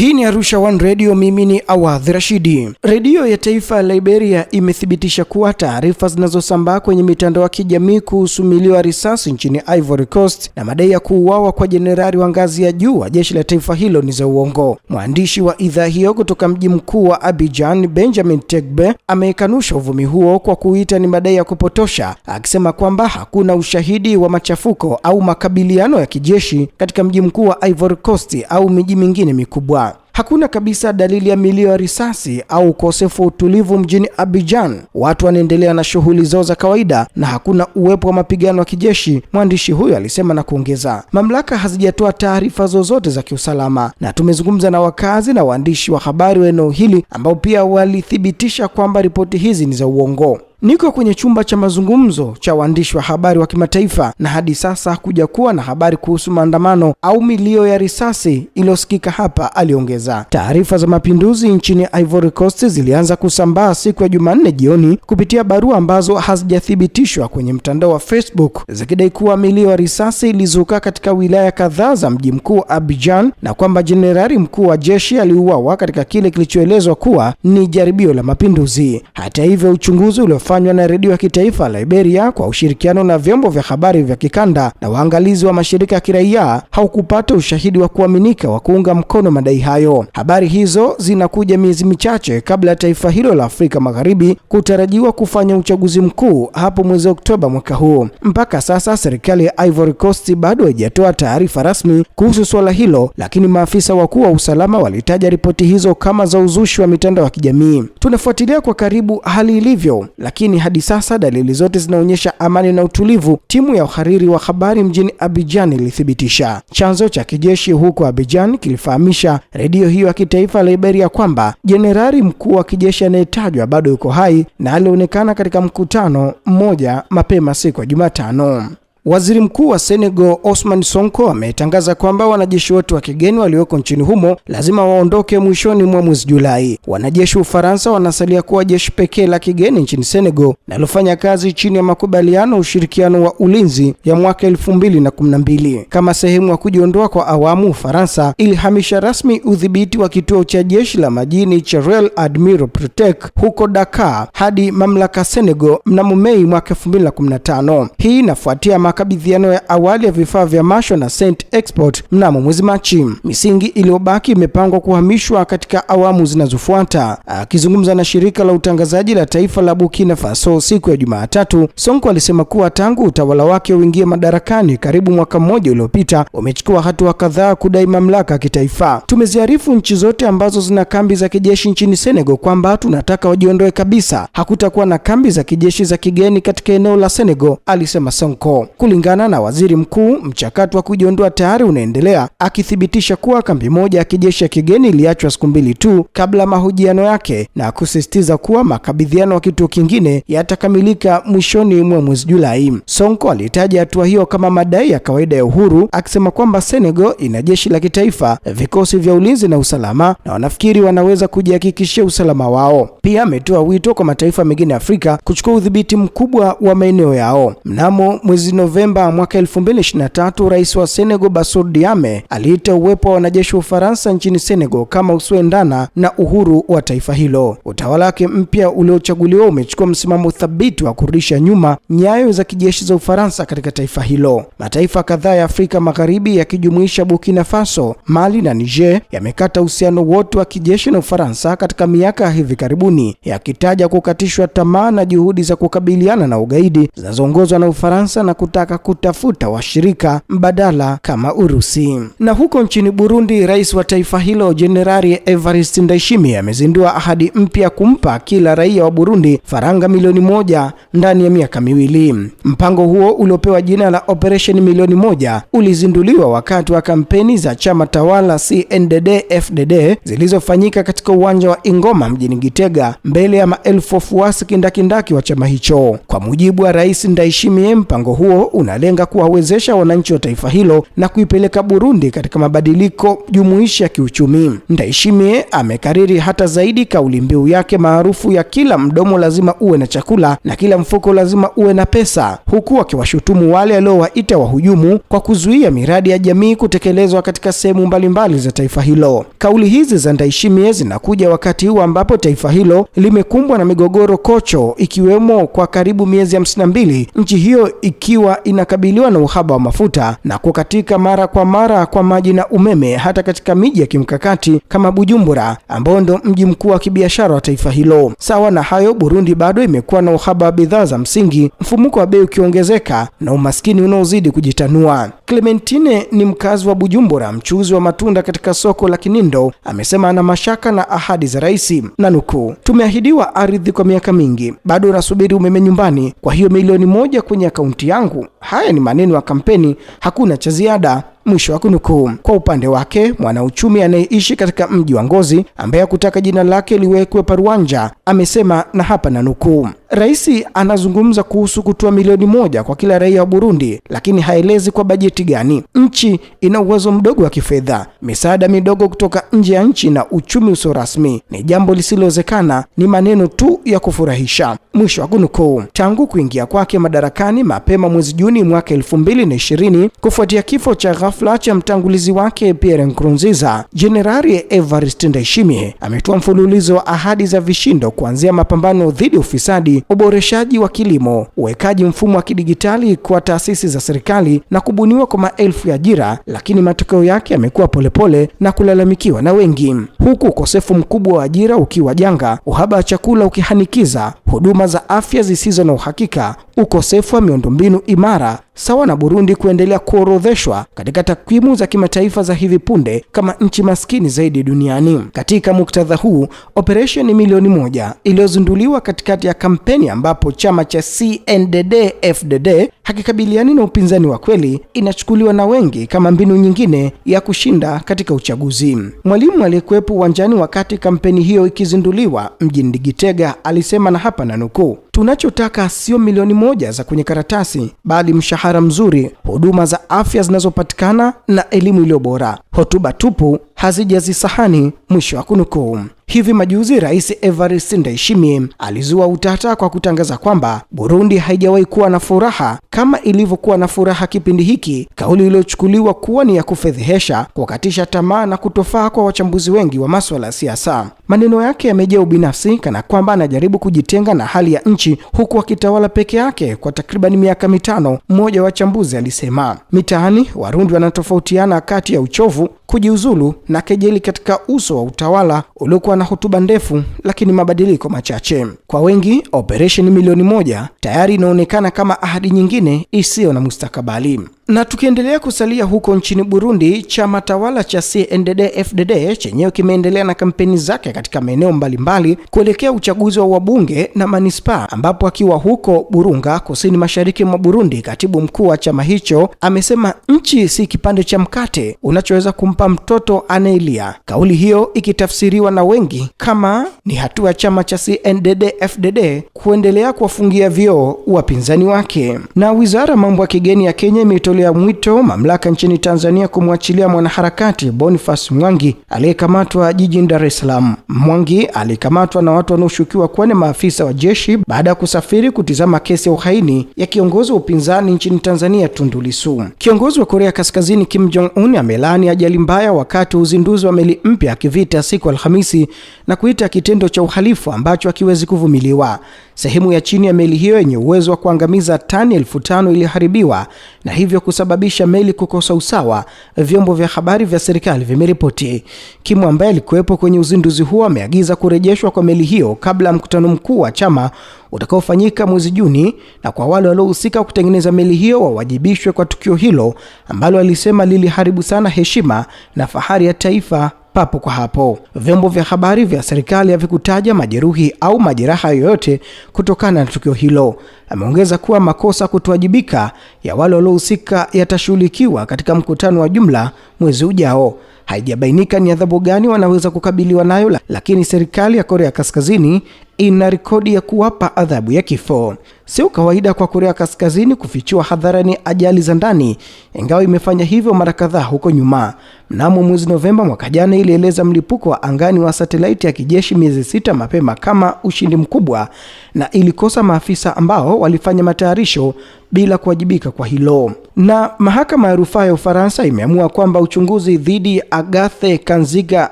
Hii ni Arusha One Radio, mimi ni awadhi Rashidi. Redio ya Taifa ya Liberia imethibitisha kuwa taarifa zinazosambaa kwenye mitandao ya kijamii kuhusu milio ya risasi nchini Ivory Coast na madai ya kuuawa kwa jenerali wa ngazi ya juu wa jeshi la taifa hilo ni za uongo. Mwandishi wa idhaa hiyo kutoka mji mkuu wa Abidjan, Benjamin Tegbe, ameikanusha uvumi huo kwa kuita ni madai ya kupotosha, akisema kwamba hakuna ushahidi wa machafuko au makabiliano ya kijeshi katika mji mkuu wa Ivory Coast au miji mingine mikubwa. Hakuna kabisa dalili ya milio ya risasi au ukosefu wa utulivu mjini Abidjan. Watu wanaendelea na shughuli zao za kawaida na hakuna uwepo wa mapigano ya kijeshi, mwandishi huyo alisema na kuongeza, mamlaka hazijatoa taarifa zozote za kiusalama. Na tumezungumza na wakazi na waandishi wa habari wa eneo hili ambao pia walithibitisha kwamba ripoti hizi ni za uongo. Niko kwenye chumba cha mazungumzo cha waandishi wa habari wa kimataifa na hadi sasa hakuja kuwa na habari kuhusu maandamano au milio ya risasi iliyosikika hapa, aliongeza. Taarifa za mapinduzi nchini Ivory Coast zilianza kusambaa siku ya Jumanne jioni kupitia barua ambazo hazijathibitishwa kwenye mtandao wa Facebook zikidai kuwa milio ya risasi ilizuka katika wilaya kadhaa za mji mkuu Abidjan na kwamba jenerali mkuu wa jeshi aliuawa katika kile kilichoelezwa kuwa ni jaribio la mapinduzi. Hata hivyo uchunguzi ulio unaofanywa na redio ya kitaifa Liberia kwa ushirikiano na vyombo vya habari vya kikanda na waangalizi wa mashirika ya kiraia haukupata ushahidi wa kuaminika wa kuunga mkono madai hayo. Habari hizo zinakuja miezi michache kabla ya taifa hilo la Afrika Magharibi kutarajiwa kufanya uchaguzi mkuu hapo mwezi Oktoba mwaka huu. Mpaka sasa serikali ya Ivory Coast bado haijatoa taarifa rasmi kuhusu suala hilo, lakini maafisa wakuu wa usalama walitaja ripoti hizo kama za uzushi wa mitandao ya kijamii. Tunafuatilia kwa karibu hali ilivyo, lakini lakini hadi sasa dalili zote zinaonyesha amani na utulivu, timu ya uhariri wa habari mjini Abidjan ilithibitisha. Chanzo cha kijeshi huko Abidjan kilifahamisha redio hiyo ya kitaifa Liberia kwamba jenerali mkuu wa kijeshi anayetajwa bado yuko hai na alionekana katika mkutano mmoja mapema siku ya Jumatano. Waziri Mkuu wa Senegal osman Sonko ametangaza kwamba wanajeshi wote wa kigeni walioko nchini humo lazima waondoke mwishoni mwa mwezi Julai. Wanajeshi wa Ufaransa wanasalia kuwa jeshi pekee la kigeni nchini Senegal linalofanya kazi chini ya makubaliano ya ushirikiano wa ulinzi ya mwaka 2012. Kama sehemu ya kujiondoa kwa awamu, Ufaransa ilihamisha rasmi udhibiti wa kituo cha jeshi la majini cha Royal Admiral Protect huko Dakar hadi mamlaka Senegal mnamo Mei mwaka 2015. Hii inafuatia makabidhiano ya awali ya vifaa vya Masho na Saint Export mnamo mwezi Machi. Misingi iliyobaki imepangwa kuhamishwa katika awamu zinazofuata. Akizungumza na shirika la utangazaji la taifa la Burkina Faso siku ya Jumatatu, Sonko alisema kuwa tangu utawala wake uingie madarakani karibu mwaka mmoja uliopita, umechukua hatua kadhaa kudai mamlaka ya kitaifa. Tumeziarifu nchi zote ambazo zina kambi za kijeshi nchini Senegal kwamba tunataka wajiondoe kabisa. Hakutakuwa na kambi za kijeshi za kigeni katika eneo la Senegal, alisema Sonko. Kulingana na waziri mkuu, mchakato wa kujiondoa tayari unaendelea, akithibitisha kuwa kambi moja ya kijeshi ya kigeni iliachwa siku mbili tu kabla mahojiano yake na kusisitiza kuwa makabidhiano ya kituo kingine yatakamilika mwishoni mwa mwezi Julai. Sonko alitaja hatua hiyo kama madai ya kawaida ya uhuru, akisema kwamba Senegal ina jeshi la kitaifa, vikosi vya ulinzi na usalama, na wanafikiri wanaweza kujihakikishia usalama wao. Pia ametoa wito kwa mataifa mengine ya Afrika kuchukua udhibiti mkubwa wa maeneo yao. Mnamo mwezi Novemba mwaka 2023, rais wa Senegal Bassirou Diame aliita uwepo wa wanajeshi wa Ufaransa nchini Senegal kama usioendana na uhuru wa taifa hilo. Utawala wake mpya uliochaguliwa umechukua msimamo thabiti wa kurudisha nyuma nyayo za kijeshi za Ufaransa katika taifa hilo. Mataifa kadhaa ya Afrika Magharibi yakijumuisha Burkina Faso, Mali na Niger yamekata uhusiano wote wa kijeshi na Ufaransa katika miaka ya hivi karibuni, yakitaja kukatishwa tamaa na juhudi za kukabiliana na ugaidi zinazoongozwa na Ufaransa na kuta kutaka kutafuta washirika mbadala kama Urusi. Na huko nchini Burundi, rais wa taifa hilo Jenerali Evariste Ndayishimiye amezindua ahadi mpya kumpa kila raia wa Burundi faranga milioni moja ndani ya miaka miwili. Mpango huo uliopewa jina la Operation Milioni Moja ulizinduliwa wakati wa kampeni za chama tawala CNDD-FDD zilizofanyika katika uwanja wa Ingoma mjini Gitega mbele ya maelfu wafuasi kindakindaki wa chama hicho. Kwa mujibu wa Rais Ndayishimiye, mpango huo unalenga kuwawezesha wananchi wa taifa hilo na kuipeleka Burundi katika mabadiliko jumuishi ya kiuchumi. Ndayishimiye amekariri hata zaidi kauli mbiu yake maarufu ya kila mdomo lazima uwe na chakula na kila mfuko lazima uwe na pesa, huku akiwashutumu wale aliowaita wahujumu kwa kuzuia miradi ya jamii kutekelezwa katika sehemu mbalimbali za taifa hilo. Kauli hizi za Ndayishimiye zinakuja wakati huu ambapo taifa hilo limekumbwa na migogoro kocho, ikiwemo kwa karibu miezi 52 nchi hiyo ikiwa inakabiliwa na uhaba wa mafuta na kukatika mara kwa mara kwa maji na umeme hata katika miji ya kimkakati kama Bujumbura ambao ndo mji mkuu wa kibiashara wa taifa hilo. Sawa na hayo, Burundi bado imekuwa na uhaba wa bidhaa za msingi, mfumuko wa bei ukiongezeka na umaskini unaozidi kujitanua. Clementine ni mkazi wa Bujumbura, mchuuzi wa matunda katika soko la Kinindo, amesema ana mashaka na ahadi za rais na nukuu, tumeahidiwa ardhi kwa miaka mingi, bado nasubiri umeme nyumbani, kwa hiyo milioni moja kwenye akaunti yangu. Haya ni maneno ya kampeni, hakuna cha ziada mwisho wa kunukuu. Kwa upande wake, mwanauchumi anayeishi katika mji wa Ngozi ambaye hakutaka jina lake liwekwe Paruanja amesema, na hapa na nukuu, rais anazungumza kuhusu kutoa milioni moja kwa kila raia wa Burundi, lakini haelezi kwa bajeti gani. Nchi ina uwezo mdogo wa kifedha, misaada midogo kutoka nje ya nchi na uchumi usio rasmi ni jambo lisilowezekana, ni maneno tu ya kufurahisha, mwisho wa kunukuu. Tangu kuingia kwake madarakani mapema mwezi Juni mwaka 2020 kufuatia kifo cha ghafla hafla cha mtangulizi wake Pierre Nkurunziza, Jenerali Evarist Ndayishimiye ametoa mfululizo wa ahadi za vishindo kuanzia mapambano dhidi ya ufisadi, uboreshaji wa kilimo, uwekaji mfumo wa kidigitali kwa taasisi za serikali na kubuniwa kwa maelfu ya ajira, lakini matokeo yake yamekuwa polepole na kulalamikiwa na wengi, huku ukosefu mkubwa wa ajira ukiwa janga, uhaba wa chakula ukihanikiza, huduma za afya zisizo na uhakika ukosefu wa miundombinu imara, sawa na Burundi kuendelea kuorodheshwa katika takwimu za kimataifa za hivi punde kama nchi maskini zaidi duniani. Katika muktadha huu, operesheni milioni moja iliyozinduliwa katikati ya kampeni ambapo chama cha CNDD-FDD hakikabiliani na upinzani wa kweli inachukuliwa na wengi kama mbinu nyingine ya kushinda katika uchaguzi. Mwalimu aliyekuwepo uwanjani wakati kampeni hiyo ikizinduliwa mjini Gitega alisema, na hapa na nukuu Tunachotaka sio milioni moja za kwenye karatasi, bali mshahara mzuri, huduma za afya zinazopatikana na elimu iliyo bora hotuba tupu hazijazisahani, mwisho wa kunukuu. Hivi majuzi Rais Evariste Ndayishimiye alizua utata kwa kutangaza kwamba Burundi haijawahi kuwa na furaha kama ilivyokuwa na furaha kipindi hiki, kauli iliyochukuliwa kuwa ni ya kufedhehesha, kukatisha tamaa na kutofaa kwa wachambuzi wengi wa masuala ya siasa. Maneno yake yamejaa ubinafsi, kana kwamba anajaribu kujitenga na hali ya nchi huku akitawala peke yake kwa takriban miaka mitano, mmoja wa wachambuzi alisema. Mitaani Warundi wanatofautiana kati ya uchovu kujiuzulu na kejeli katika uso wa utawala uliokuwa na hotuba ndefu lakini mabadiliko machache. Kwa wengi, operesheni milioni moja tayari inaonekana kama ahadi nyingine isiyo na mustakabali. Na tukiendelea kusalia huko nchini Burundi, chama tawala cha CNDD-FDD chenyewe kimeendelea na kampeni zake katika maeneo mbalimbali kuelekea uchaguzi wa wabunge na manispaa, ambapo akiwa huko Burunga, kusini mashariki mwa Burundi, katibu mkuu wa chama hicho amesema nchi si kipande cha mkate unachoweza kumpa mtoto anayelia, kauli hiyo ikitafsiriwa na wengi kama ni hatua ya chama cha CNDD-FDD kuendelea kuwafungia vyoo wapinzani wake. Na wizara mambo ya kigeni ya Kenya imeitoa kutolea mwito mamlaka nchini Tanzania kumwachilia mwanaharakati Boniface Mwangi aliyekamatwa jijini Dar es Salaam. Mwangi alikamatwa na watu wanaoshukiwa kuwa ni maafisa wa jeshi baada ya kusafiri kutizama kesi ya uhaini ya kiongozi wa upinzani nchini Tanzania Tundu Lissu. Kiongozi wa Korea Kaskazini Kim Jong Un amelaani ajali mbaya wakati wa uzinduzi wa meli mpya ya kivita siku Alhamisi na kuita kitendo cha uhalifu ambacho hakiwezi kuvumiliwa. Sehemu ya chini ya meli hiyo yenye uwezo wa kuangamiza tani elfu tano iliharibiwa na hivyo kusababisha meli kukosa usawa, vyombo vya habari vya serikali vimeripoti. Kimu ambaye alikuwepo kwenye uzinduzi huo ameagiza kurejeshwa kwa meli hiyo kabla ya mkutano mkuu wa chama utakaofanyika mwezi Juni, na kwa wale waliohusika kutengeneza meli hiyo wawajibishwe kwa tukio hilo ambalo alisema liliharibu sana heshima na fahari ya taifa papo kwa hapo. Vyombo vya habari vya serikali havikutaja majeruhi au majeraha yoyote kutokana na tukio hilo. Ameongeza kuwa makosa kutoajibika ya wale waliohusika yatashughulikiwa katika mkutano wa jumla mwezi ujao. Haijabainika ni adhabu gani wanaweza kukabiliwa nayo, lakini serikali ya Korea Kaskazini ina rekodi ya kuwapa adhabu ya kifo. Sio kawaida kwa Korea Kaskazini kufichua hadharani ajali za ndani, ingawa imefanya hivyo mara kadhaa huko nyuma. Mnamo mwezi Novemba mwaka jana, ilieleza mlipuko wa angani wa satelaiti ya kijeshi miezi sita mapema kama ushindi mkubwa, na ilikosa maafisa ambao walifanya matayarisho bila kuwajibika kwa hilo. Na mahakama ya rufaa ya Ufaransa imeamua kwamba uchunguzi dhidi ya Agathe Kanziga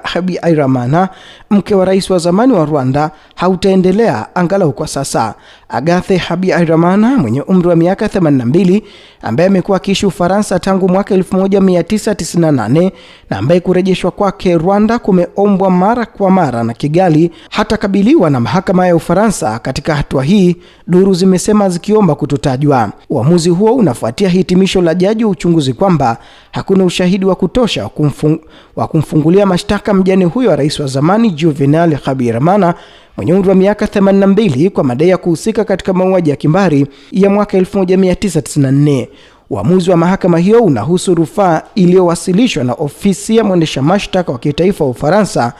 Habyarimana, mke wa rais wa zamani wa Rwanda, hautaendelea angalau kwa sasa. Agathe Habyarimana mwenye umri wa miaka 82 ambaye amekuwa akiishi Ufaransa tangu mwaka 1998 na ambaye kurejeshwa kwake Rwanda kumeombwa mara kwa mara na Kigali hatakabiliwa na mahakama ya Ufaransa katika hatua hii, duru zimesema zikiomba kutotajwa. Uamuzi huo unafuatia hitimisho la jaji wa uchunguzi kwamba hakuna ushahidi wa kutosha wa wa kumfungulia mashtaka mjane huyo wa rais wa zamani Juvenal Habyarimana mwenye umri wa miaka 82 kwa madai ya kuhusika katika mauaji ya kimbari ya mwaka 1994. Uamuzi wa mahakama hiyo unahusu rufaa iliyowasilishwa na ofisi ya mwendesha mashtaka wa kitaifa wa Ufaransa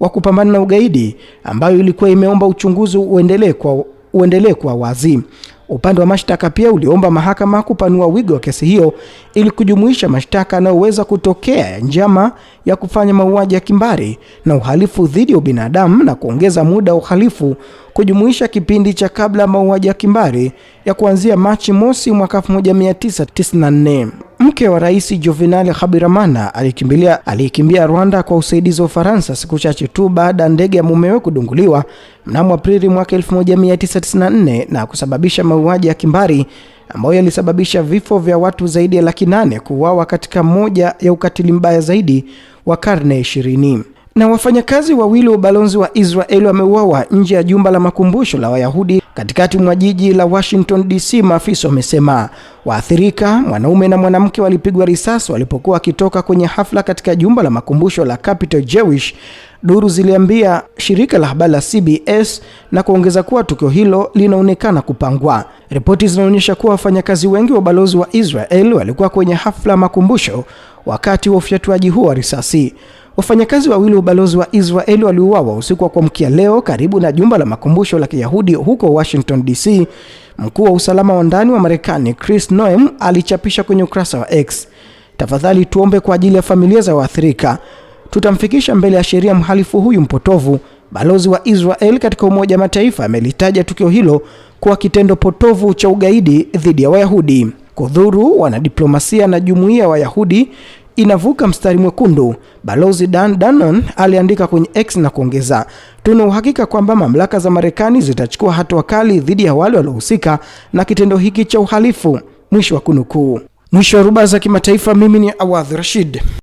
wa kupambana na ugaidi ambayo ilikuwa imeomba uchunguzi uendelee kwa uendelee kwa wazi. Upande wa mashtaka pia uliomba mahakama kupanua wigo wa kesi hiyo ili kujumuisha mashtaka yanayoweza kutokea ya njama ya kufanya mauaji ya kimbari na uhalifu dhidi ya ubinadamu na kuongeza muda wa uhalifu kujumuisha kipindi cha kabla mauaji ya kimbari ya kuanzia Machi mosi mwaka 1994. Mke wa Rais Juvenal Habyarimana alikimbilia alikimbia Rwanda kwa usaidizi wa Ufaransa siku chache tu baada ya ndege ya mumewe kudunguliwa mnamo Aprili mwaka 1994 na kusababisha mauaji ya kimbari ambayo yalisababisha vifo vya watu zaidi ya laki nane kuuawa katika moja ya ukatili mbaya zaidi wa karne ishirini. Na wafanyakazi wawili wa ubalozi wa Israeli wameuawa nje ya jumba la makumbusho la Wayahudi katikati mwa jiji la Washington DC, maafisa wamesema. Waathirika mwanaume na mwanamke walipigwa risasi walipokuwa wakitoka kwenye hafla katika jumba la makumbusho la Capital Jewish, duru ziliambia shirika la habari la CBS na kuongeza kuwa tukio hilo linaonekana kupangwa. Ripoti zinaonyesha kuwa wafanyakazi wengi wa ubalozi wa Israel walikuwa kwenye hafla ya makumbusho wakati wa ufyatuaji huo wa risasi. Wafanyakazi wawili wa ubalozi wa Israeli waliuawa usiku wa kuamkia leo karibu na jumba la makumbusho la Kiyahudi huko Washington DC. Mkuu wa usalama wa ndani wa Marekani Chris Noem alichapisha kwenye ukurasa wa X, tafadhali tuombe kwa ajili ya familia za waathirika, tutamfikisha mbele ya sheria mhalifu huyu mpotovu. Balozi wa Israel katika Umoja wa Mataifa amelitaja tukio hilo kuwa kitendo potovu cha ugaidi dhidi ya Wayahudi. Kudhuru wanadiplomasia na jumuiya ya Wayahudi inavuka mstari mwekundu. Balozi Dan Danon aliandika kwenye X na kuongeza, tuna uhakika kwamba mamlaka za Marekani zitachukua hatua kali dhidi ya wale waliohusika na kitendo hiki cha uhalifu. Mwisho wa kunukuu. Mwisho wa ruba za kimataifa. Mimi ni Awadh Rashid.